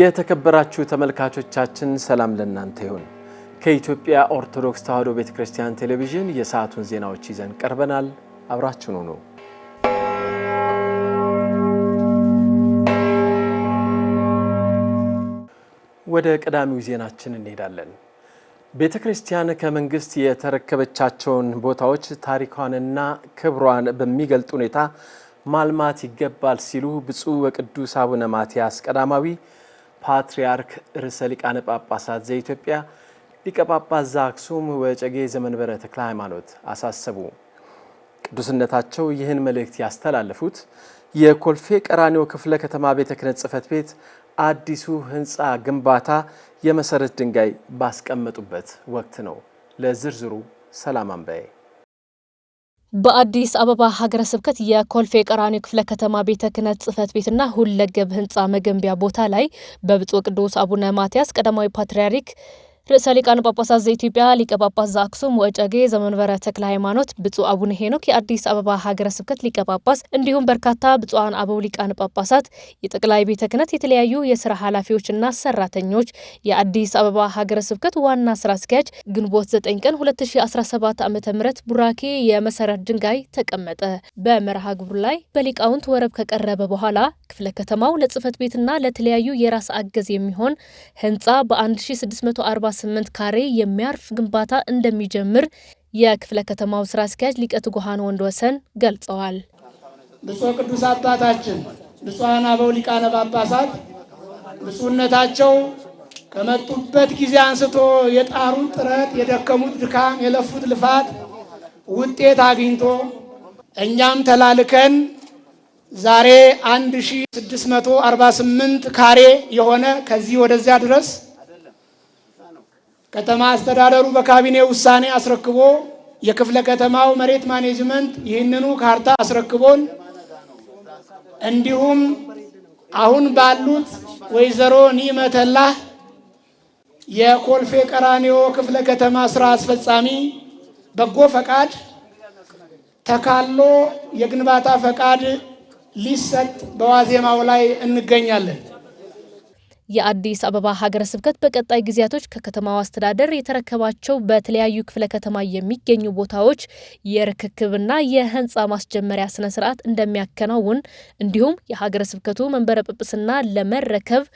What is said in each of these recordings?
የተከበራችሁ ተመልካቾቻችን ሰላም ለእናንተ ይሁን። ከኢትዮጵያ ኦርቶዶክስ ተዋሕዶ ቤተ ክርስቲያን ቴሌቪዥን የሰዓቱን ዜናዎች ይዘን ቀርበናል። አብራችን ሁኑ። ወደ ቀዳሚው ዜናችን እንሄዳለን። ቤተ ክርስቲያን ከመንግስት የተረከበቻቸውን ቦታዎች ታሪኳንና ክብሯን በሚገልጥ ሁኔታ ማልማት ይገባል ሲሉ ብፁዕ ወቅዱስ አቡነ ማትያስ ቀዳማዊ ፓትርያርክ ርዕሰ ሊቃነ ጳጳሳት ዘኢትዮጵያ ሊቀ ጳጳስ ዘአክሱም ወጨጌ ዘመንበረ ተክለ ሃይማኖት አሳሰቡ። ቅዱስነታቸው ይህን መልእክት ያስተላለፉት የኮልፌ ቀራኒዮ ክፍለ ከተማ ቤተ ክህነት ጽሕፈት ቤት አዲሱ ህንፃ ግንባታ የመሰረት ድንጋይ ባስቀመጡበት ወቅት ነው። ለዝርዝሩ ሰላም አንበዬ በአዲስ አበባ ሀገረ ስብከት የኮልፌ ቀራኒዮ ክፍለ ከተማ ቤተ ክህነት ጽሕፈት ቤትና ሁለገብ ሕንፃ መገንቢያ ቦታ ላይ በብፁዕ ቅዱስ አቡነ ማትያስ ቀዳማዊ ፓትርያርክ ርዕሰ ሊቃነ ጳጳሳት ዘኢትዮጵያ ሊቀ ጳጳስ ዘአክሱም ወጨጌ ዘመንበረ ተክለ ሃይማኖት፣ ብፁዕ አቡነ ሄኖክ የአዲስ አበባ ሀገረ ስብከት ሊቀ ጳጳስ እንዲሁም በርካታ ብፁዓን አበው ሊቃነ ጳጳሳት፣ የጠቅላይ ቤተ ክህነት የተለያዩ የስራ ኃላፊዎችና ሰራተኞች፣ የአዲስ አበባ ሀገረ ስብከት ዋና ስራ አስኪያጅ ግንቦት 9 ቀን 2017 ዓ ም ቡራኬ የመሰረት ድንጋይ ተቀመጠ። በመርሃ ግብሩ ላይ በሊቃውንት ወረብ ከቀረበ በኋላ ክፍለ ከተማው ለጽህፈት ቤትና ለተለያዩ የራስ አገዝ የሚሆን ህንፃ በ1648 ካሬ የሚያርፍ ግንባታ እንደሚጀምር የክፍለ ከተማው ስራ አስኪያጅ ሊቀት ጉሃን ወንድ ወሰን ገልጸዋል። ብፁዕ ቅዱስ አባታችን ብፁዓን አበው ሊቃነ ጳጳሳት ብፁዕነታቸው ከመጡበት ጊዜ አንስቶ የጣሩት ጥረት፣ የደከሙት ድካም፣ የለፉት ልፋት ውጤት አግኝቶ እኛም ተላልከን ዛሬ 1648 ካሬ የሆነ ከዚህ ወደዚያ ድረስ ከተማ አስተዳደሩ በካቢኔ ውሳኔ አስረክቦ የክፍለ ከተማው መሬት ማኔጅመንት ይህንኑ ካርታ አስረክቦን እንዲሁም አሁን ባሉት ወይዘሮ ኒመተላህ የኮልፌ ቀራኒዮ ክፍለ ከተማ ስራ አስፈጻሚ በጎ ፈቃድ ተካሎ የግንባታ ፈቃድ ሊሰጥ በዋዜማው ላይ እንገኛለን። የአዲስ አበባ ሀገረ ስብከት በቀጣይ ጊዜያቶች ከከተማው አስተዳደር የተረከባቸው በተለያዩ ክፍለ ከተማ የሚገኙ ቦታዎች የርክክብና የህንፃ ማስጀመሪያ ስነ ስርዓት እንደሚያከናውን እንዲሁም የሀገረ ስብከቱ መንበረ ጵጵስና ለመረከብ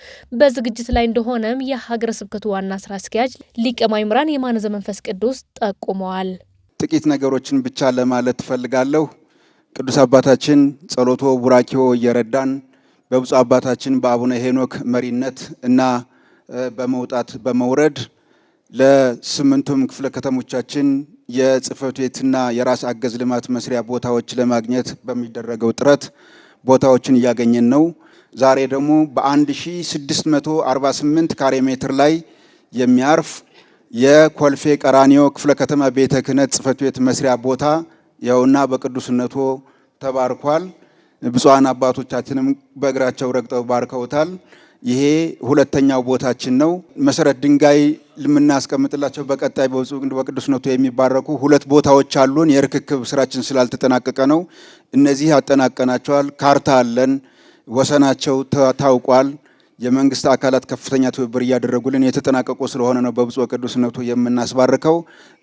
በዝግጅት ላይ እንደሆነም የሀገረ ስብከቱ ዋና ስራ አስኪያጅ ሊቀ ማእምራን የማነ ዘመንፈስ ቅዱስ ጠቁመዋል። ጥቂት ነገሮችን ብቻ ለማለት ትፈልጋለሁ። ቅዱስ አባታችን ጸሎቶ ቡራኪዮ እየረዳን በብፁ አባታችን በአቡነ ሄኖክ መሪነት እና በመውጣት በመውረድ ለስምንቱም ክፍለ ከተሞቻችን የጽህፈት ቤትና የራስ አገዝ ልማት መስሪያ ቦታዎች ለማግኘት በሚደረገው ጥረት ቦታዎችን እያገኘን ነው። ዛሬ ደግሞ በ1648 ካሬ ሜትር ላይ የሚያርፍ የኮልፌ ቀራኒዮ ክፍለ ከተማ ቤተ ክህነት ጽህፈት ቤት መስሪያ ቦታ ያውና በቅዱስነቶ ተባርኳል። ብፁዓን አባቶቻችንም በእግራቸው ረግጠው ባርከውታል። ይሄ ሁለተኛው ቦታችን ነው። መሰረት ድንጋይ ልምናስቀምጥላቸው በቀጣይ በቅዱስነቱ የሚባረኩ ሁለት ቦታዎች አሉን። የርክክብ ስራችን ስላልተጠናቀቀ ነው። እነዚህ አጠናቀናቸዋል። ካርታ አለን። ወሰናቸው ታውቋል። የመንግስት አካላት ከፍተኛ ትብብር እያደረጉልን የተጠናቀቁ ስለሆነ ነው በብፁዕ ቅዱስነቱ የምናስባርከው።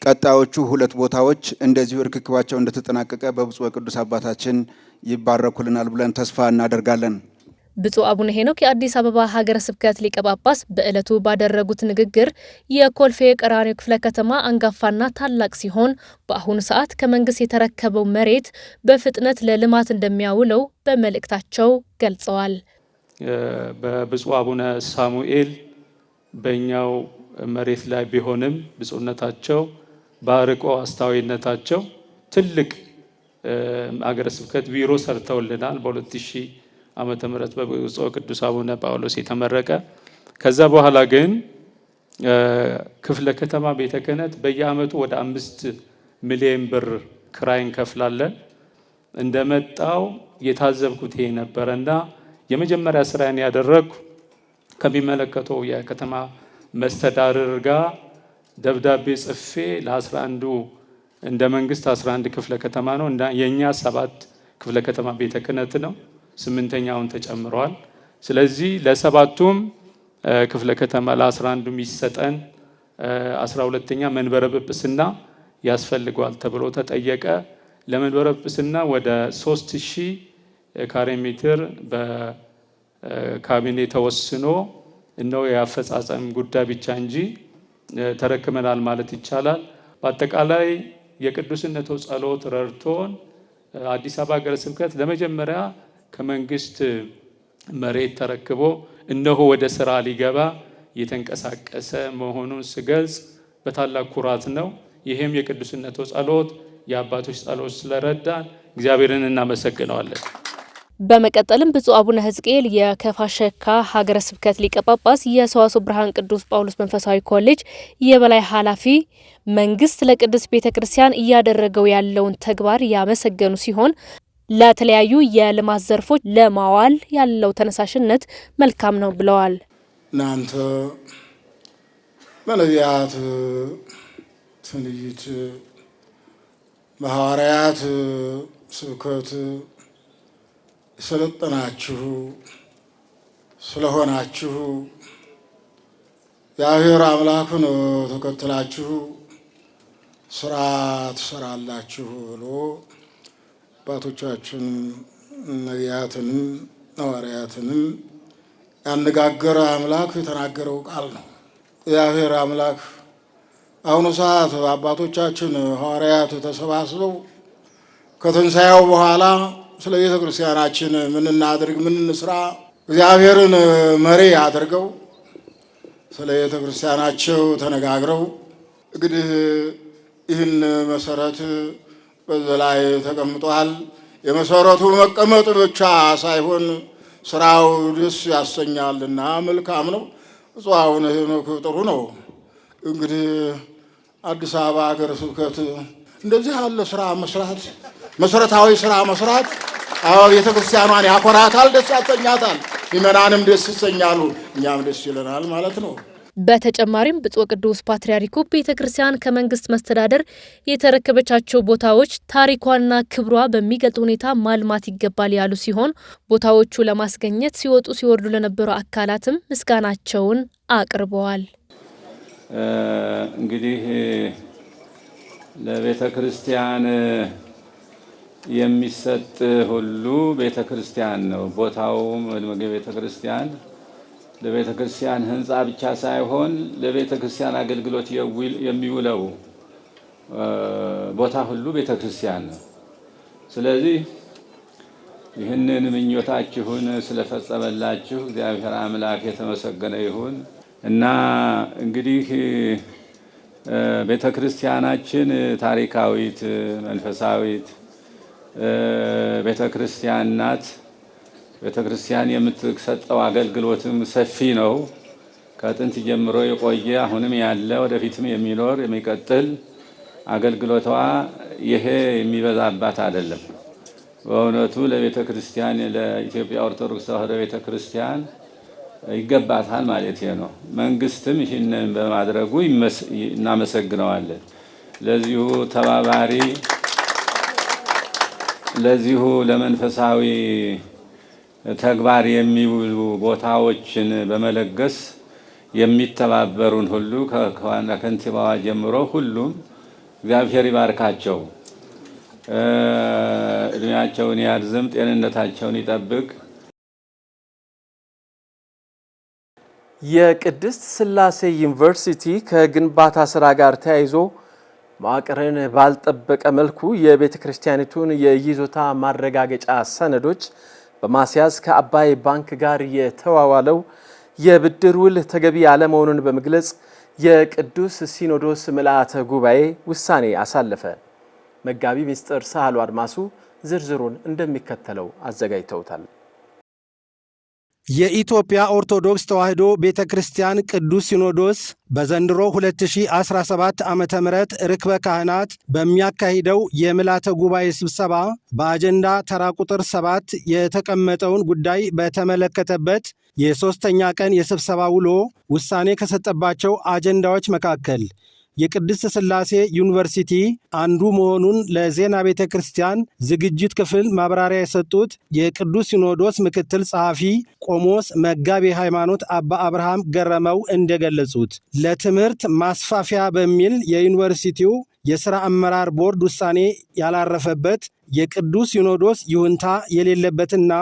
ቀጣዮቹ ሁለት ቦታዎች እንደዚሁ እርክክባቸው እንደተጠናቀቀ በብፁዕ ቅዱስ አባታችን ይባረኩልናል ብለን ተስፋ እናደርጋለን። ብፁዕ አቡነ ሄኖክ የአዲስ አበባ ሀገረ ስብከት ሊቀ ጳጳስ በዕለቱ ባደረጉት ንግግር የኮልፌ ቀራኒዮ ክፍለ ከተማ አንጋፋና ታላቅ ሲሆን በአሁኑ ሰዓት ከመንግስት የተረከበው መሬት በፍጥነት ለልማት እንደሚያውለው በመልእክታቸው ገልጸዋል። በብፁ አቡነ ሳሙኤል በእኛው መሬት ላይ ቢሆንም ብፁነታቸው በአርቆ አስተዋይነታቸው ትልቅ አገረ ስብከት ቢሮ ሰርተውልናል። በ2000 ዓመተ ምህረት በብፁ ቅዱስ አቡነ ጳውሎስ የተመረቀ ከዛ በኋላ ግን ክፍለ ከተማ ቤተ ክህነት በየአመቱ ወደ አምስት ሚሊዮን ብር ክራይ እንከፍላለን። እንደመጣው የታዘብኩት ይሄ ነበረና የመጀመሪያ ስራን ያደረግኩ ከሚመለከተው የከተማ መስተዳድር ጋር ደብዳቤ ጽፌ ለ 11 እንደ መንግስት 11 ክፍለ ከተማ ነው የእኛ ሰባት ክፍለ ከተማ ቤተ ክህነት ነው። ስምንተኛውን ተጨምረዋል። ስለዚህ ለሰባቱም ክፍለ ከተማ ለ11ዱም ይሰጠን 12ተኛ መንበረ ጵጵስና ያስፈልገዋል ተብሎ ተጠየቀ። ለመንበረ ጵጵስና ወደ 3000 ካሬ ሜትር በካቢኔ ተወስኖ እነው የአፈጻጸም ጉዳይ ብቻ እንጂ ተረክመናል ማለት ይቻላል። በአጠቃላይ የቅዱስነቱ ጸሎት ረድቶን አዲስ አበባ ሀገረ ስብከት ለመጀመሪያ ከመንግስት መሬት ተረክቦ እነሆ ወደ ስራ ሊገባ የተንቀሳቀሰ መሆኑን ስገልጽ በታላቅ ኩራት ነው። ይህም የቅዱስነቱ ጸሎት፣ የአባቶች ጸሎት ስለረዳን እግዚአብሔርን እናመሰግነዋለን። በመቀጠልም ብፁዕ አቡነ ህዝቅኤል የከፋ ሸካ ሀገረ ስብከት ሊቀ ጳጳስ፣ የሰዋስወ ብርሃን ቅዱስ ጳውሎስ መንፈሳዊ ኮሌጅ የበላይ ኃላፊ መንግስት ለቅድስት ቤተ ክርስቲያን እያደረገው ያለውን ተግባር ያመሰገኑ ሲሆን ለተለያዩ የልማት ዘርፎች ለማዋል ያለው ተነሳሽነት መልካም ነው ብለዋል። እናንተ በነቢያት ትንቢት በሐዋርያት ስብከት ስለጠናችሁ ስለሆናችሁ የአብሔር አምላክን ተከትላችሁ ስራ ትሰራላችሁ ብሎ አባቶቻችን ነቢያትንም ሐዋርያትንም ያነጋገረ አምላክ የተናገረው ቃል ነው። የአብሔር አምላክ አሁኑ ሰዓት አባቶቻችን ሐዋርያት ተሰባስበው ከትንሣኤው በኋላ ስለ ቤተ ክርስቲያናችን ምን እናድርግ፣ ምን እንስራ? እግዚአብሔርን መሪ አድርገው ስለ ቤተ ክርስቲያናቸው ተነጋግረው እንግዲህ ይህን መሰረት በዚህ ላይ ተቀምጧል። የመሰረቱ መቀመጥ ብቻ ሳይሆን ስራው ደስ ያሰኛልና መልካም ነው። እጽዋውን ሄኖክ ጥሩ ነው። እንግዲህ አዲስ አበባ ሀገረ ስብከት እንደዚህ ያለ ስራ መስራት መሰረታዊ ስራ መስራት ቤተ ክርስቲያኗን ያኮራታል፣ ደስ ያሰኛታል። ምእመናንም ደስ ይሰኛሉ፣ እኛም ደስ ይለናል ማለት ነው። በተጨማሪም ብፁዕ ቅዱስ ፓትርያርኩ ቤተ ክርስቲያን ከመንግስት መስተዳደር የተረከበቻቸው ቦታዎች ታሪኳና ክብሯ በሚገልጥ ሁኔታ ማልማት ይገባል ያሉ ሲሆን ቦታዎቹ ለማስገኘት ሲወጡ ሲወርዱ ለነበሩ አካላትም ምስጋናቸውን አቅርበዋል። እንግዲህ ለቤተ ክርስቲያን የሚሰጥ ሁሉ ቤተ ክርስቲያን ነው። ቦታውም ቤተ ክርስቲያን ለቤተ ክርስቲያን ሕንፃ ብቻ ሳይሆን ለቤተ ክርስቲያን አገልግሎት የሚውለው ቦታ ሁሉ ቤተ ክርስቲያን ነው። ስለዚህ ይህንን ምኞታችሁን ስለፈጸመላችሁ እግዚአብሔር አምላክ የተመሰገነ ይሁን እና እንግዲህ ቤተ ክርስቲያናችን ታሪካዊት፣ መንፈሳዊት ቤተ ክርስቲያን ናት። ቤተ ክርስቲያን የምትሰጠው አገልግሎትም ሰፊ ነው። ከጥንት ጀምሮ የቆየ አሁንም ያለ ወደፊትም የሚኖር የሚቀጥል አገልግሎቷ ይሄ የሚበዛባት አይደለም። በእውነቱ ለቤተ ክርስቲያን ለኢትዮጵያ ኦርቶዶክስ ተዋሕዶ ቤተ ክርስቲያን ይገባታል ማለት ነው። መንግስትም ይህንን በማድረጉ እናመሰግነዋለን። ለዚሁ ተባባሪ ለዚሁ ለመንፈሳዊ ተግባር የሚውሉ ቦታዎችን በመለገስ የሚተባበሩን ሁሉ ከዋና ከንቲባዋ ጀምሮ ሁሉም እግዚአብሔር ይባርካቸው፣ እድሜያቸውን ያርዝም፣ ጤንነታቸውን ይጠብቅ። የቅድስት ስላሴ ዩኒቨርሲቲ ከግንባታ ስራ ጋር ተያይዞ መዋቅርን ባልጠበቀ መልኩ የቤተ ክርስቲያኒቱን የይዞታ ማረጋገጫ ሰነዶች በማስያዝ ከአባይ ባንክ ጋር የተዋዋለው የብድር ውል ተገቢ አለመሆኑን በመግለጽ የቅዱስ ሲኖዶስ ምልአተ ጉባኤ ውሳኔ አሳለፈ። መጋቢ ምስጢር ሳህሉ አድማሱ ዝርዝሩን እንደሚከተለው አዘጋጅተውታል። የኢትዮጵያ ኦርቶዶክስ ተዋሕዶ ቤተ ክርስቲያን ቅዱስ ሲኖዶስ በዘንድሮ 2017 ዓ ም ርክበ ካህናት በሚያካሂደው የምልዓተ ጉባኤ ስብሰባ በአጀንዳ ተራ ቁጥር 7 የተቀመጠውን ጉዳይ በተመለከተበት የሦስተኛ ቀን የስብሰባ ውሎ ውሳኔ ከሰጠባቸው አጀንዳዎች መካከል የቅድስት ስላሴ ዩኒቨርሲቲ አንዱ መሆኑን ለዜና ቤተ ክርስቲያን ዝግጅት ክፍል ማብራሪያ የሰጡት የቅዱስ ሲኖዶስ ምክትል ጸሐፊ ቆሞስ መጋቤ ሃይማኖት አባ አብርሃም ገረመው እንደገለጹት ለትምህርት ማስፋፊያ በሚል የዩኒቨርሲቲው የሥራ አመራር ቦርድ ውሳኔ ያላረፈበት የቅዱስ ሲኖዶስ ይሁንታ የሌለበትና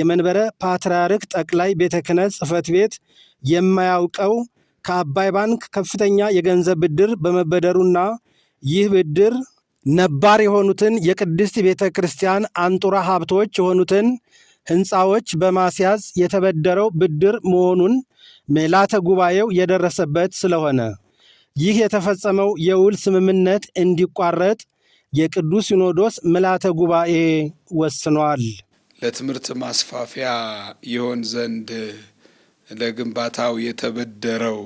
የመንበረ ፓትርያርክ ጠቅላይ ቤተ ክህነት ጽሕፈት ቤት የማያውቀው ከአባይ ባንክ ከፍተኛ የገንዘብ ብድር በመበደሩና ይህ ብድር ነባር የሆኑትን የቅድስት ቤተ ክርስቲያን አንጡራ ሀብቶች የሆኑትን ህንፃዎች በማስያዝ የተበደረው ብድር መሆኑን ምልዓተ ጉባኤው የደረሰበት ስለሆነ ይህ የተፈጸመው የውል ስምምነት እንዲቋረጥ የቅዱስ ሲኖዶስ ምልዓተ ጉባኤ ወስኗል። ለትምህርት ማስፋፊያ ይሆን ዘንድ ለግንባታው የተበደረው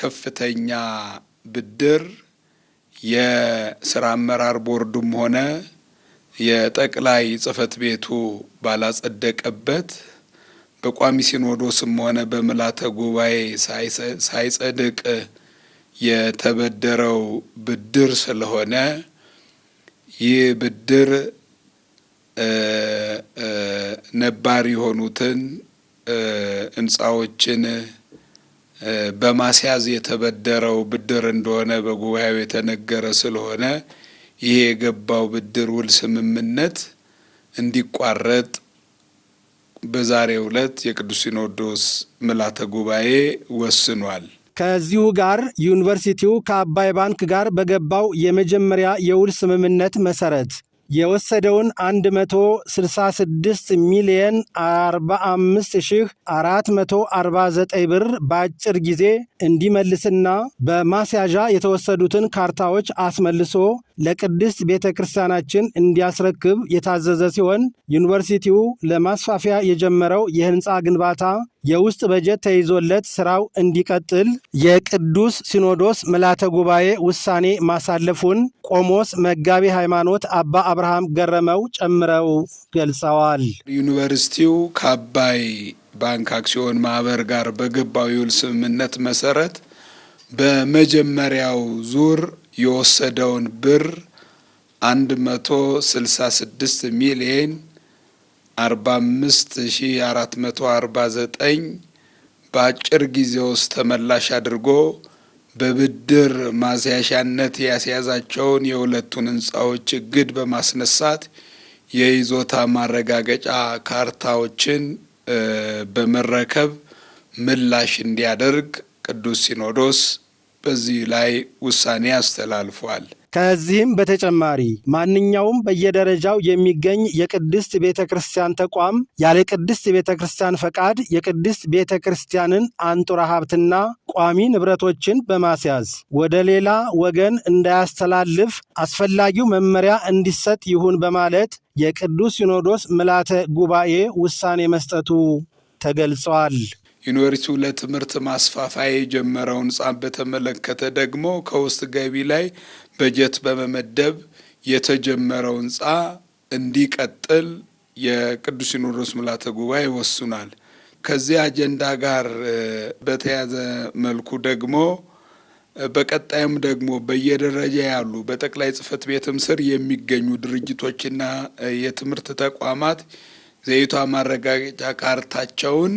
ከፍተኛ ብድር የስራ አመራር ቦርዱም ሆነ የጠቅላይ ጽህፈት ቤቱ ባላጸደቀበት በቋሚ ሲኖዶስም ሆነ በምልዓተ ጉባኤ ሳይጸድቅ የተበደረው ብድር ስለሆነ ይህ ብድር ነባር የሆኑትን ህንፃዎችን በማስያዝ የተበደረው ብድር እንደሆነ በጉባኤው የተነገረ ስለሆነ ይሄ የገባው ብድር ውል ስምምነት እንዲቋረጥ በዛሬው ዕለት የቅዱስ ሲኖዶስ ምልዓተ ጉባኤ ወስኗል። ከዚሁ ጋር ዩኒቨርሲቲው ከአባይ ባንክ ጋር በገባው የመጀመሪያ የውል ስምምነት መሰረት የወሰደውን 166 ሚሊየን 45449 ብር በአጭር ጊዜ እንዲመልስና በማስያዣ የተወሰዱትን ካርታዎች አስመልሶ ለቅድስት ቤተ ክርስቲያናችን እንዲያስረክብ የታዘዘ ሲሆን ዩኒቨርሲቲው ለማስፋፊያ የጀመረው የህንፃ ግንባታ የውስጥ በጀት ተይዞለት ስራው እንዲቀጥል የቅዱስ ሲኖዶስ ምልዓተ ጉባኤ ውሳኔ ማሳለፉን ቆሞስ መጋቢ ሃይማኖት አባ አብርሃም ገረመው ጨምረው ገልጸዋል። ዩኒቨርሲቲው ከአባይ ባንክ አክሲዮን ማህበር ጋር በገባው የውል ስምምነት መሰረት በመጀመሪያው ዙር የወሰደውን ብር 166 መቶ ስልሳ ሚሊየን ሺ በአጭር ጊዜ ውስጥ ተመላሽ አድርጎ በብድር ማስያሻነት ያስያዛቸውን የሁለቱን ህንፃዎች እግድ በማስነሳት የይዞታ ማረጋገጫ ካርታዎችን በመረከብ ምላሽ እንዲያደርግ ቅዱስ ሲኖዶስ በዚህ ላይ ውሳኔ አስተላልፏል። ከዚህም በተጨማሪ ማንኛውም በየደረጃው የሚገኝ የቅድስት ቤተ ክርስቲያን ተቋም ያለ ቅድስት ቤተ ክርስቲያን ፈቃድ የቅድስት ቤተ ክርስቲያንን አንጡራ ሀብትና ቋሚ ንብረቶችን በማስያዝ ወደ ሌላ ወገን እንዳያስተላልፍ አስፈላጊው መመሪያ እንዲሰጥ ይሁን በማለት የቅዱስ ሲኖዶስ ምልዓተ ጉባኤ ውሳኔ መስጠቱ ተገልጿል። ዩኒቨርሲቲው ለትምህርት ማስፋፋያ የጀመረውን ጻም በተመለከተ ደግሞ ከውስጥ ገቢ ላይ በጀት በመመደብ የተጀመረው ህንፃ እንዲቀጥል የቅዱስ ሲኖዶስ ምልዓተ ጉባኤ ይወስናል። ከዚህ አጀንዳ ጋር በተያዘ መልኩ ደግሞ በቀጣይም ደግሞ በየደረጃ ያሉ በጠቅላይ ጽሕፈት ቤትም ስር የሚገኙ ድርጅቶችና የትምህርት ተቋማት ዘይቷ ማረጋገጫ ካርታቸውን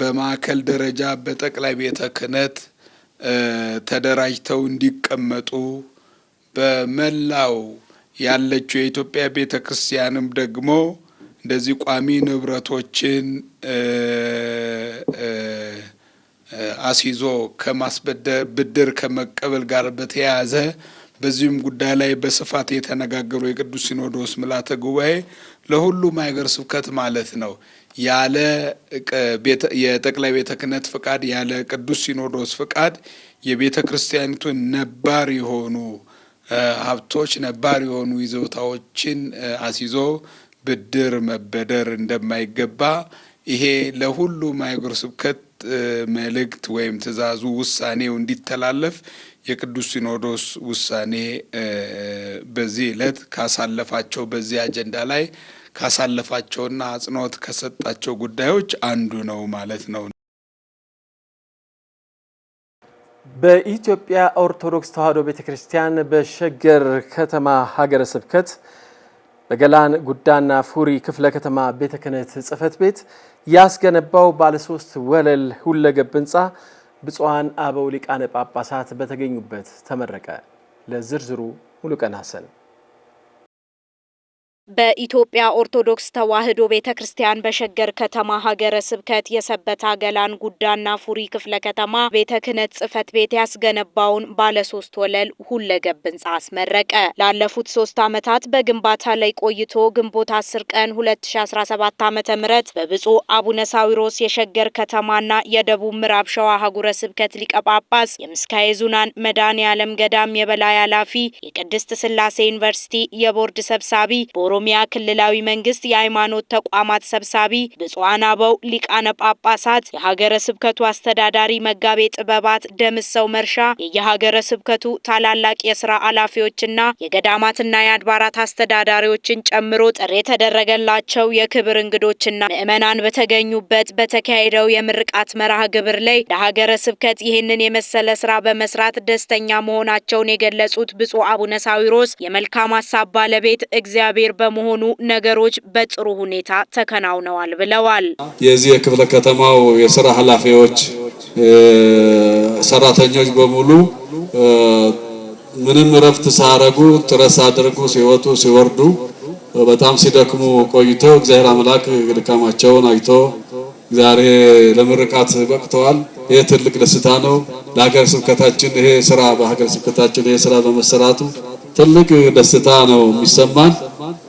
በማዕከል ደረጃ በጠቅላይ ቤተ ክህነት ተደራጅተው እንዲቀመጡ በመላው ያለችው የኢትዮጵያ ቤተ ክርስቲያንም ደግሞ እንደዚህ ቋሚ ንብረቶችን አስይዞ ከማስበደር ብድር ከመቀበል ጋር በተያያዘ በዚህም ጉዳይ ላይ በስፋት የተነጋገሩ የቅዱስ ሲኖዶስ ምልዓተ ጉባኤ ለሁሉም ሀገረ ስብከት ማለት ነው ያለ የጠቅላይ ቤተ ክህነት ፍቃድ ያለ ቅዱስ ሲኖዶስ ፍቃድ የቤተ ክርስቲያኒቱን ነባር የሆኑ ሀብቶች ነባር የሆኑ ይዞታዎችን አስይዞ ብድር መበደር እንደማይገባ ይሄ ለሁሉም አህጉረ ስብከት መልእክት ወይም ትእዛዙ ውሳኔው እንዲተላለፍ የቅዱስ ሲኖዶስ ውሳኔ በዚህ ዕለት ካሳለፋቸው በዚህ አጀንዳ ላይ ካሳለፋቸውና አጽንኦት ከሰጣቸው ጉዳዮች አንዱ ነው ማለት ነው። በኢትዮጵያ ኦርቶዶክስ ተዋሕዶ ቤተ ክርስቲያን በሸገር ከተማ ሀገረ ስብከት በገላን ጉዳና ፉሪ ክፍለ ከተማ ቤተ ክህነት ጽሕፈት ቤት ያስገነባው ባለሶስት ወለል ሁለገብ ህንፃ ብፁዓን አበው ሊቃነ ጳጳሳት በተገኙበት ተመረቀ። ለዝርዝሩ ሙሉቀን ሀሰን በኢትዮጵያ ኦርቶዶክስ ተዋሕዶ ቤተ ክርስቲያን በሸገር ከተማ ሀገረ ስብከት የሰበታ ገላን ጉዳና ፉሪ ክፍለ ከተማ ቤተ ክህነት ጽሕፈት ቤት ያስገነባውን ባለሶስት ወለል ሁለገብ ህንጻ አስመረቀ። ላለፉት ሶስት ዓመታት በግንባታ ላይ ቆይቶ ግንቦት አስር ቀን ሁለት ሺ አስራ ሰባት በብፁዕ አቡነ ሳዊሮስ የሸገር ከተማና የደቡብ ምዕራብ ሸዋ ሀጉረ ስብከት ሊቀ ጳጳስ የምስካየ ኅዙናን መድኃኔ ዓለም ገዳም የበላይ ኃላፊ የቅድስት ስላሴ ዩኒቨርሲቲ የቦርድ ሰብሳቢ በኦሮ የኦሮሚያ ክልላዊ መንግስት የሃይማኖት ተቋማት ሰብሳቢ ብፁዓን አበው ሊቃነ ጳጳሳት፣ የሀገረ ስብከቱ አስተዳዳሪ መጋቤ ጥበባት ደምሰው መርሻ፣ የየሀገረ ስብከቱ ታላላቅ የስራ ኃላፊዎችና የገዳማትና የአድባራት አስተዳዳሪዎችን ጨምሮ ጥሪ የተደረገላቸው የክብር እንግዶችና ምዕመናን በተገኙበት በተካሄደው የምርቃት መርሃ ግብር ላይ ለሀገረ ስብከት ይህንን የመሰለ ስራ በመስራት ደስተኛ መሆናቸውን የገለጹት ብፁዕ አቡነ ሳዊሮስ የመልካም ሀሳብ ባለቤት እግዚአብሔር በመሆኑ ነገሮች በጥሩ ሁኔታ ተከናውነዋል ብለዋል። የዚህ የክፍለ ከተማው የስራ ኃላፊዎች ሰራተኞች በሙሉ ምንም እረፍት ሳያረጉ ጥረት ሳያደርጉ ሲወጡ ሲወርዱ በጣም ሲደክሙ ቆይተው እግዚአብሔር አምላክ ድካማቸውን አይቶ ዛሬ ለምርቃት በቅተዋል። ይህ ትልቅ ደስታ ነው ለሀገረ ስብከታችን። ይሄ ስራ በሀገረ ስብከታችን ይሄ ስራ በመሰራቱ ትልቅ ደስታ ነው የሚሰማን።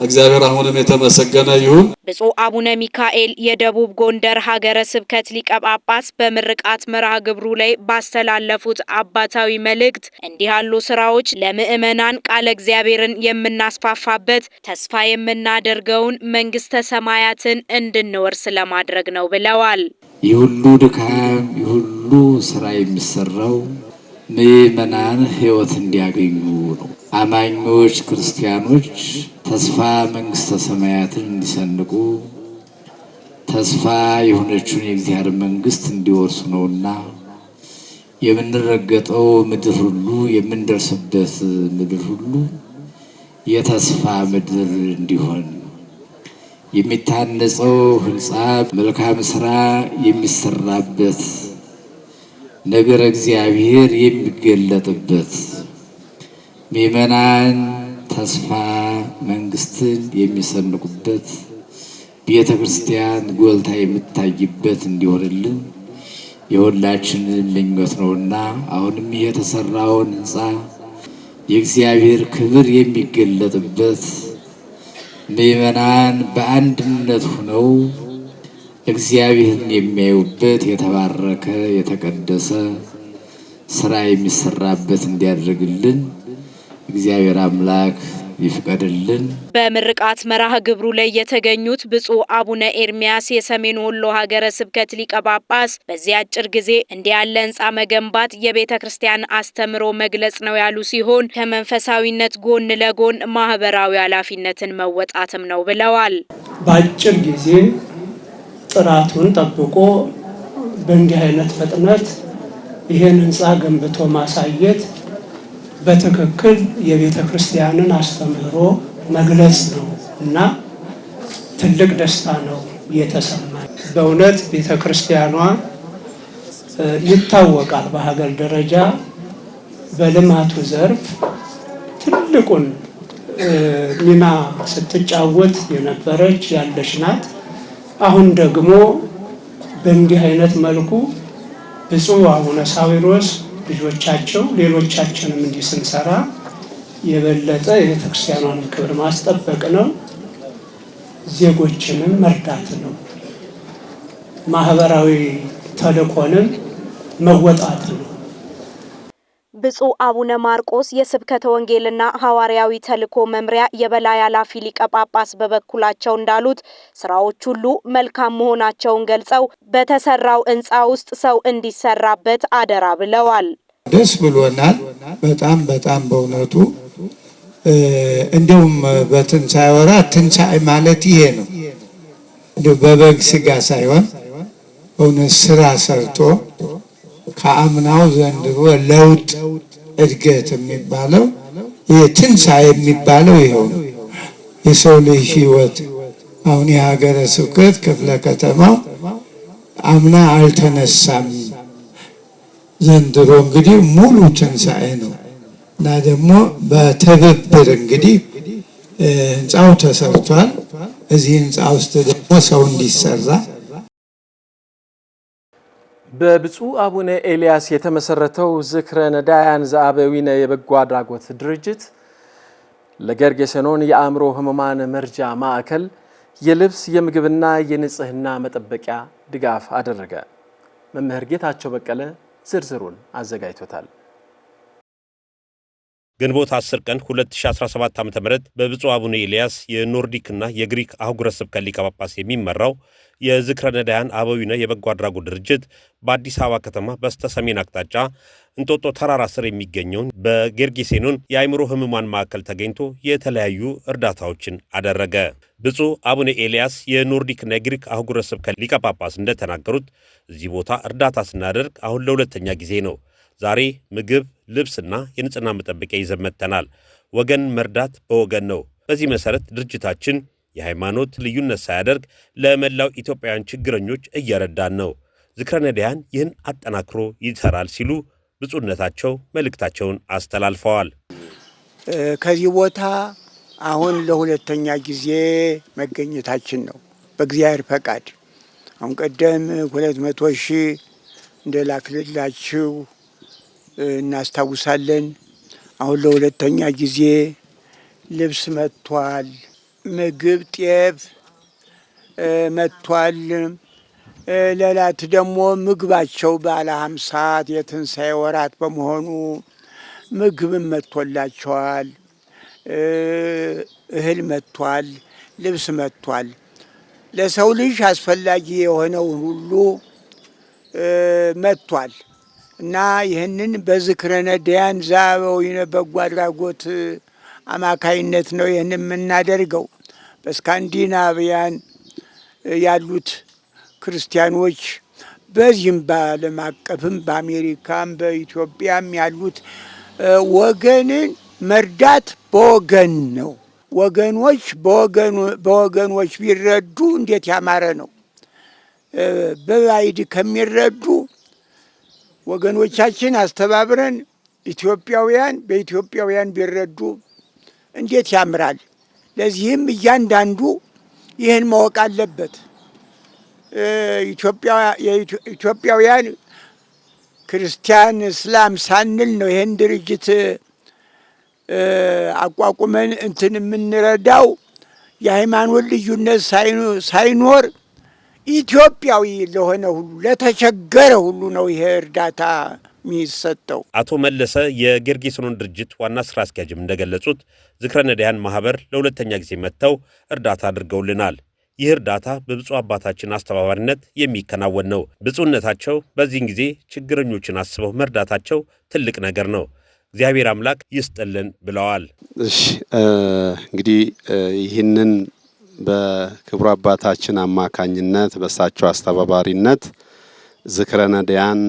እግዚአብሔር አሁንም የተመሰገነ ይሁን። ብፁዕ አቡነ ሚካኤል የደቡብ ጎንደር ሀገረ ስብከት ሊቀ ጳጳስ በምርቃት መርሃ ግብሩ ላይ ባስተላለፉት አባታዊ መልእክት እንዲህ ያሉ ስራዎች ለምዕመናን ቃለ እግዚአብሔርን የምናስፋፋበት ተስፋ የምናደርገውን መንግስተ ሰማያትን እንድንወርስ ለማድረግ ነው ብለዋል። የሁሉ ድካም የሁሉ ስራ የሚሰራው ምዕመናን ሕይወት እንዲያገኙ ነው። አማኞች ክርስቲያኖች ተስፋ መንግስተ ሰማያትን እንዲሰንቁ ተስፋ የሆነችውን የእግዚአብሔር መንግስት እንዲወርሱ ነውና የምንረገጠው ምድር ሁሉ የምንደርስበት ምድር ሁሉ የተስፋ ምድር እንዲሆን የሚታነጸው ህንፃ መልካም ስራ የሚሰራበት ነገር እግዚአብሔር የሚገለጥበት ምእመናን ተስፋ መንግስትን የሚሰንቁበት ቤተ ክርስቲያን ጎልታ የምታይበት እንዲሆንልን የሁላችንን ምኞት ነውና አሁንም የተሰራውን ህንፃ የእግዚአብሔር ክብር የሚገለጥበት ምእመናን በአንድነት ሆነው እግዚአብሔርን የሚያዩበት የተባረከ የተቀደሰ ስራ የሚሰራበት እንዲያደርግልን እግዚአብሔር አምላክ ይፍቀድልን። በምርቃት መርሃ ግብሩ ላይ የተገኙት ብፁዕ አቡነ ኤርሚያስ የሰሜን ወሎ ሀገረ ስብከት ሊቀ ጳጳስ በዚህ አጭር ጊዜ እንዲህ ያለ መገንባት የቤተ ክርስቲያን አስተምሮ መግለጽ ነው ያሉ ሲሆን ከመንፈሳዊነት ጎን ለጎን ማህበራዊ ኃላፊነትን መወጣትም ነው ብለዋል። በአጭር ጊዜ ጥራቱን ጠብቆ በእንዲህ አይነት ፍጥነት ይህን ህንፃ ገንብቶ ማሳየት በትክክል የቤተ ክርስቲያንን አስተምህሮ መግለጽ ነው እና ትልቅ ደስታ ነው የተሰማ። በእውነት ቤተ ክርስቲያኗ ይታወቃል በሀገር ደረጃ በልማቱ ዘርፍ ትልቁን ሚና ስትጫወት የነበረች ያለች ናት። አሁን ደግሞ በእንዲህ አይነት መልኩ ብፁዕ አቡነ ሳዊሮስ ልጆቻቸው ሌሎቻችንም እንዲህ ስንሰራ የበለጠ የቤተክርስቲያኗን ክብር ማስጠበቅ ነው፣ ዜጎችንም መርዳት ነው፣ ማህበራዊ ተልዕኮንም መወጣት ነው። ብፁዕ አቡነ ማርቆስ የስብከተ ወንጌልና ሐዋርያዊ ተልእኮ መምሪያ የበላይ ኃላፊ ሊቀ ጳጳስ በበኩላቸው እንዳሉት ስራዎች ሁሉ መልካም መሆናቸውን ገልጸው በተሰራው ህንፃ ውስጥ ሰው እንዲሰራበት አደራ ብለዋል። ደስ ብሎናል። በጣም በጣም በእውነቱ እንዲሁም በትንሣኤ ወራ ትንሣኤ ማለት ይሄ ነው። በበግ ስጋ ሳይሆን በእውነት ስራ ሰርቶ ከአምናው ዘንድሮ ለውጥ እድገት የሚባለው ይሄ የሚባለው ይኸው ነው። የሰው ልጅ ህይወት አሁን የሀገረ ስብከት ክፍለ ከተማው አምና አልተነሳም። ዘንድሮ እንግዲህ ሙሉ ትንሣኤ ነው እና ደግሞ በትብብር እንግዲህ ህንፃው ተሰርቷል። እዚህ ህንፃ ውስጥ ደግሞ ሰው እንዲሰራ በብፁዕ አቡነ ኤልያስ የተመሰረተው ዝክረ ነዳያን ዘአበዊነ የበጎ አድራጎት ድርጅት ለጌርጌሴኖን የአእምሮ ህሙማን መርጃ ማዕከል የልብስ የምግብና የንጽህና መጠበቂያ ድጋፍ አደረገ። መምህር ጌታቸው በቀለ ዝርዝሩን አዘጋጅቶታል። ግንቦት 10 ቀን 2017 ዓ ም በብፁዕ አቡነ ኤልያስ የኖርዲክና የግሪክ አህጉረ ስብከት ሊቀ ጳጳስ የሚመራው የዝክረ ነዳያን አበዊነ የበጎ አድራጎት ድርጅት በአዲስ አበባ ከተማ በስተ ሰሜን አቅጣጫ እንጦጦ ተራራ ስር የሚገኘውን በጌርጌሴኖን የአይምሮ ህሙማን ማዕከል ተገኝቶ የተለያዩ እርዳታዎችን አደረገ። ብፁዕ አቡነ ኤልያስ የኖርዲክና የግሪክ አህጉረ ስብከት ሊቀ ጳጳስ እንደተናገሩት እዚህ ቦታ እርዳታ ስናደርግ አሁን ለሁለተኛ ጊዜ ነው። ዛሬ ምግብ ልብስና የንጽህና መጠበቂያ ይዘን መጥተናል። ወገን መርዳት በወገን ነው። በዚህ መሠረት ድርጅታችን የሃይማኖት ልዩነት ሳያደርግ ለመላው ኢትዮጵያውያን ችግረኞች እየረዳን ነው። ዝክረ ነዳያን ይህን አጠናክሮ ይሰራል ሲሉ ብፁዕነታቸው መልእክታቸውን አስተላልፈዋል። ከዚህ ቦታ አሁን ለሁለተኛ ጊዜ መገኘታችን ነው። በእግዚአብሔር ፈቃድ አሁን ቀደም ሁለት መቶ ሺህ እንደላክልላችሁ እናስታውሳለን። አሁን ለሁለተኛ ጊዜ ልብስ መጥቷል። ምግብ ጤፍ መጥቷል። ሌላት ደግሞ ምግባቸው ባለ ሀምሳት የትንሣኤ ወራት በመሆኑ ምግብም መጥቶላቸዋል። እህል መጥቷል። ልብስ መጥቷል። ለሰው ልጅ አስፈላጊ የሆነውን ሁሉ መጥቷል። እና ይህንን በዝክረ ነዳያን ዘአበዊነ በጎ አድራጎት አማካይነት ነው ይህን የምናደርገው። በስካንዲናቪያን ያሉት ክርስቲያኖች በዚህም በዓለም አቀፍም በአሜሪካም በኢትዮጵያም ያሉት ወገንን መርዳት በወገን ነው። ወገኖች በወገኖች ቢረዱ እንዴት ያማረ ነው። በባይድ ከሚረዱ ወገኖቻችን አስተባብረን ኢትዮጵያውያን በኢትዮጵያውያን ቢረዱ እንዴት ያምራል። ለዚህም እያንዳንዱ ይህን ማወቅ አለበት። ኢትዮጵያውያን ክርስቲያን፣ እስላም ሳንል ነው ይህን ድርጅት አቋቁመን እንትን የምንረዳው የሃይማኖት ልዩነት ሳይኖር ኢትዮጵያዊ ለሆነ ሁሉ ለተቸገረ ሁሉ ነው ይሄ እርዳታ የሚሰጠው። አቶ መለሰ የጌርጌ ሰኖን ድርጅት ዋና ስራ አስኪያጅም እንደገለጹት ዝክረ ነዳያን ማህበር ለሁለተኛ ጊዜ መጥተው እርዳታ አድርገውልናል። ይህ እርዳታ በብፁዕ አባታችን አስተባባሪነት የሚከናወን ነው። ብፁዕነታቸው በዚህን ጊዜ ችግረኞችን አስበው መርዳታቸው ትልቅ ነገር ነው። እግዚአብሔር አምላክ ይስጥልን ብለዋል። እሺ እንግዲህ ይህንን በክቡር አባታችን አማካኝነት በእሳቸው አስተባባሪነት ዝክረ ነዳያን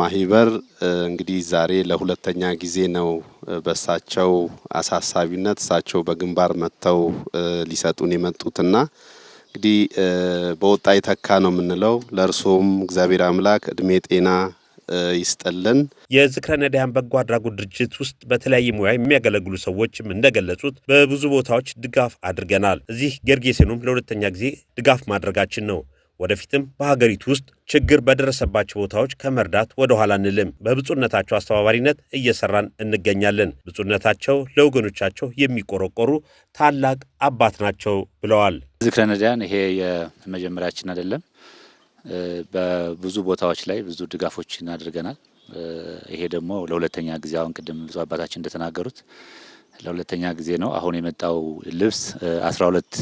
ማህበር እንግዲህ ዛሬ ለሁለተኛ ጊዜ ነው በእሳቸው አሳሳቢነት እሳቸው በግንባር መጥተው ሊሰጡን የመጡትና እንግዲህ በወጣ ይተካ ነው የምንለው። ለእርሶም እግዚአብሔር አምላክ እድሜ ጤና ይስጠልን። የዝክረ ነዳያን በጎ አድራጎት ድርጅት ውስጥ በተለያየ ሙያ የሚያገለግሉ ሰዎችም እንደገለጹት በብዙ ቦታዎች ድጋፍ አድርገናል። እዚህ ጌርጌሴኖም ለሁለተኛ ጊዜ ድጋፍ ማድረጋችን ነው። ወደፊትም በሀገሪቱ ውስጥ ችግር በደረሰባቸው ቦታዎች ከመርዳት ወደ ኋላ አንልም። በብፁዕነታቸው አስተባባሪነት እየሰራን እንገኛለን። ብፁዕነታቸው ለወገኖቻቸው የሚቆረቆሩ ታላቅ አባት ናቸው ብለዋል። ዝክረ ነዳያን ይሄ የመጀመሪያችን አይደለም። በብዙ ቦታዎች ላይ ብዙ ድጋፎችን አድርገናል። ይሄ ደግሞ ለሁለተኛ ጊዜ አሁን ቅድም ብዙ አባታችን እንደተናገሩት ለሁለተኛ ጊዜ ነው። አሁን የመጣው ልብስ አስራ ሁለት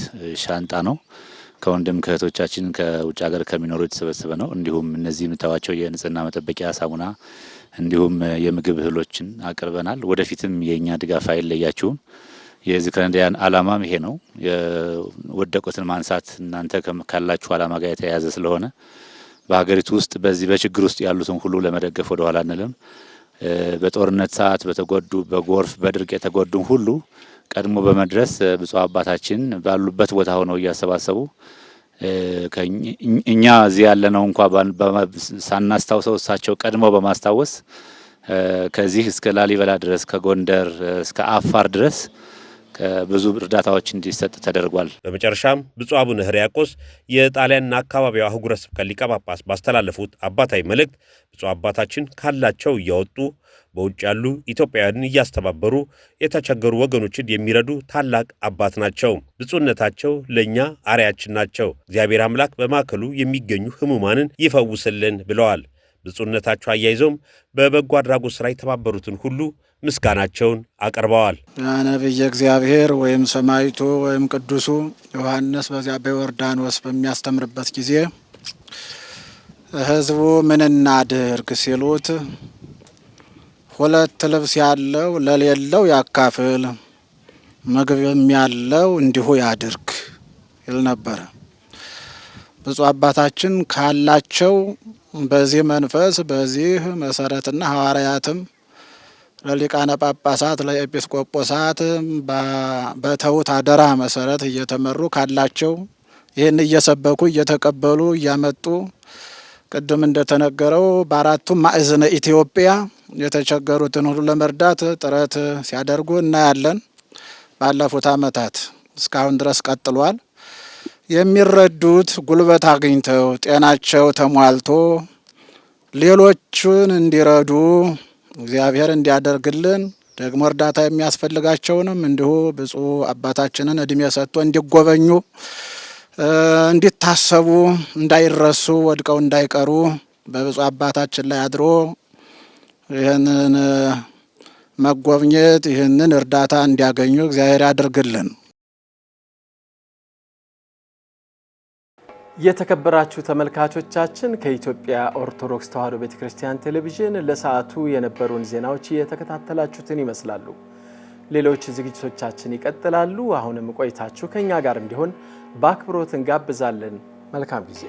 ሻንጣ ነው። ከወንድም ከእህቶቻችን ከውጭ ሀገር ከሚኖሩ የተሰበሰበ ነው። እንዲሁም እነዚህ የምታዋቸው የንጽህና መጠበቂያ ሳሙና፣ እንዲሁም የምግብ እህሎችን አቅርበናል። ወደፊትም የእኛ ድጋፍ አይለያችሁም። የዚህ ከነዳያን አላማም ይሄ ነው። የወደቁትን ማንሳት እናንተ ካላችሁ አላማ ጋር የተያያዘ ስለሆነ በሀገሪቱ ውስጥ በዚህ በችግር ውስጥ ያሉትን ሁሉ ለመደገፍ ወደ ኋላ አንልም። በጦርነት ሰዓት በተጎዱ በጎርፍ በድርቅ የተጎዱን ሁሉ ቀድሞ በመድረስ ብፁዕ አባታችን ባሉበት ቦታ ሆነው እያሰባሰቡ እኛ እዚህ ያለነው እንኳ ሳናስታውሰው እሳቸው ቀድሞ በማስታወስ ከዚህ እስከ ላሊበላ ድረስ ከጎንደር እስከ አፋር ድረስ ብዙ እርዳታዎች እንዲሰጥ ተደርጓል። በመጨረሻም ብፁዕ አቡነ ህርያቆስ የጣሊያንና አካባቢዋ አህጉረ ስብከት ሊቀ ጳጳስ ባስተላለፉት አባታዊ መልእክት ብፁዕ አባታችን ካላቸው እያወጡ በውጭ ያሉ ኢትዮጵያውያንን እያስተባበሩ የተቸገሩ ወገኖችን የሚረዱ ታላቅ አባት ናቸው። ብፁዕነታቸው ለእኛ አርያችን ናቸው። እግዚአብሔር አምላክ በማዕከሉ የሚገኙ ህሙማንን ይፈውስልን ብለዋል። ብፁዕነታቸው አያይዘውም በበጎ አድራጎት ሥራ የተባበሩትን ሁሉ ምስጋናቸውን አቅርበዋል። ነቢየ እግዚአብሔር ወይም ሰማይቱ ወይም ቅዱሱ ዮሐንስ በዚያ በዮርዳኖስ በሚያስተምርበት ጊዜ ሕዝቡ ምን እናድርግ ሲሉት ሁለት ልብስ ያለው ለሌለው ያካፍል፣ ምግብም ያለው እንዲሁ ያድርግ ይል ነበረ። ብፁዕ አባታችን ካላቸው በዚህ መንፈስ በዚህ መሰረትና ሐዋርያትም ለሊቃነ ጳጳሳት ለኤጲስቆጶሳት በተዉት አደራ መሰረት እየተመሩ ካላቸው ይህን እየሰበኩ እየተቀበሉ እያመጡ ቅድም እንደተነገረው በአራቱም ማዕዘነ ኢትዮጵያ የተቸገሩትን ሁሉ ለመርዳት ጥረት ሲያደርጉ እናያለን። ባለፉት ዓመታት እስካሁን ድረስ ቀጥሏል። የሚረዱት ጉልበት አግኝተው ጤናቸው ተሟልቶ ሌሎቹን እንዲረዱ እግዚአብሔር እንዲያደርግልን ደግሞ እርዳታ የሚያስፈልጋቸውንም እንዲሁ ብፁዕ አባታችንን እድሜ ሰጥቶ እንዲጎበኙ እንዲታሰቡ እንዳይረሱ ወድቀው እንዳይቀሩ በብፁዕ አባታችን ላይ አድሮ ይህንን መጎብኘት ይህንን እርዳታ እንዲያገኙ እግዚአብሔር ያደርግልን። የተከበራችሁ ተመልካቾቻችን ከኢትዮጵያ ኦርቶዶክስ ተዋሕዶ ቤተ ክርስቲያን ቴሌቪዥን ለሰዓቱ የነበሩን ዜናዎች የተከታተላችሁትን ይመስላሉ። ሌሎች ዝግጅቶቻችን ይቀጥላሉ። አሁንም ቆይታችሁ ከእኛ ጋር እንዲሆን በአክብሮት እንጋብዛለን። መልካም ጊዜ